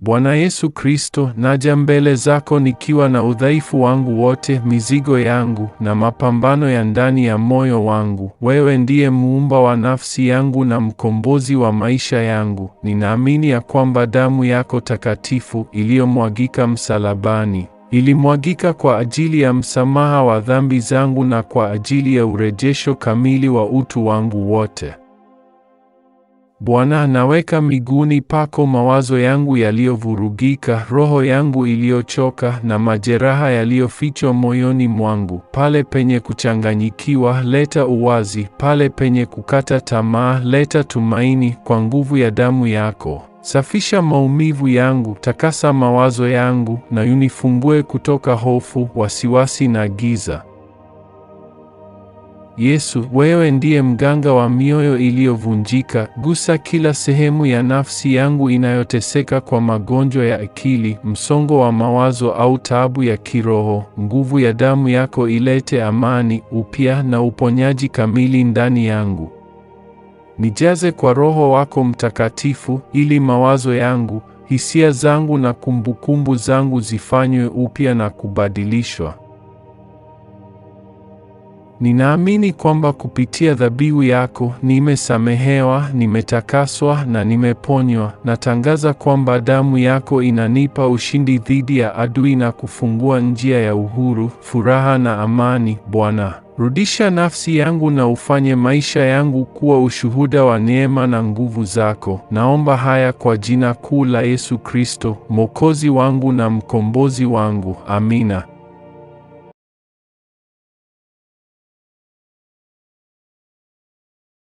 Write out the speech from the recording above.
Bwana Yesu Kristo, naja mbele zako nikiwa na udhaifu wangu wote, mizigo yangu na mapambano ya ndani ya moyo wangu. Wewe ndiye muumba wa nafsi yangu na mkombozi wa maisha yangu. Ninaamini ya kwamba damu yako takatifu iliyomwagika msalabani ilimwagika kwa ajili ya msamaha wa dhambi zangu na kwa ajili ya urejesho kamili wa utu wangu wote. Bwana, naweka miguuni pako mawazo yangu yaliyovurugika, roho yangu iliyochoka na majeraha yaliyofichwa moyoni mwangu. Pale penye kuchanganyikiwa, leta uwazi; pale penye kukata tamaa, leta tumaini. Kwa nguvu ya damu yako, safisha maumivu yangu, takasa mawazo yangu, na unifungue kutoka hofu, wasiwasi na giza. Yesu, wewe ndiye mganga wa mioyo iliyovunjika, gusa kila sehemu ya nafsi yangu inayoteseka kwa magonjwa ya akili, msongo wa mawazo au taabu ya kiroho. Nguvu ya damu yako ilete amani, upya na uponyaji kamili ndani yangu. Nijaze kwa Roho wako Mtakatifu ili mawazo yangu, hisia zangu na kumbukumbu zangu zifanywe upya na kubadilishwa. Ninaamini kwamba kupitia dhabihu yako nimesamehewa, nimetakaswa na nimeponywa. Natangaza kwamba damu yako inanipa ushindi dhidi ya adui na kufungua njia ya uhuru, furaha na amani. Bwana, rudisha nafsi yangu na ufanye maisha yangu kuwa ushuhuda wa neema na nguvu zako. Naomba haya kwa jina kuu la Yesu Kristo, Mwokozi wangu na mkombozi wangu. Amina.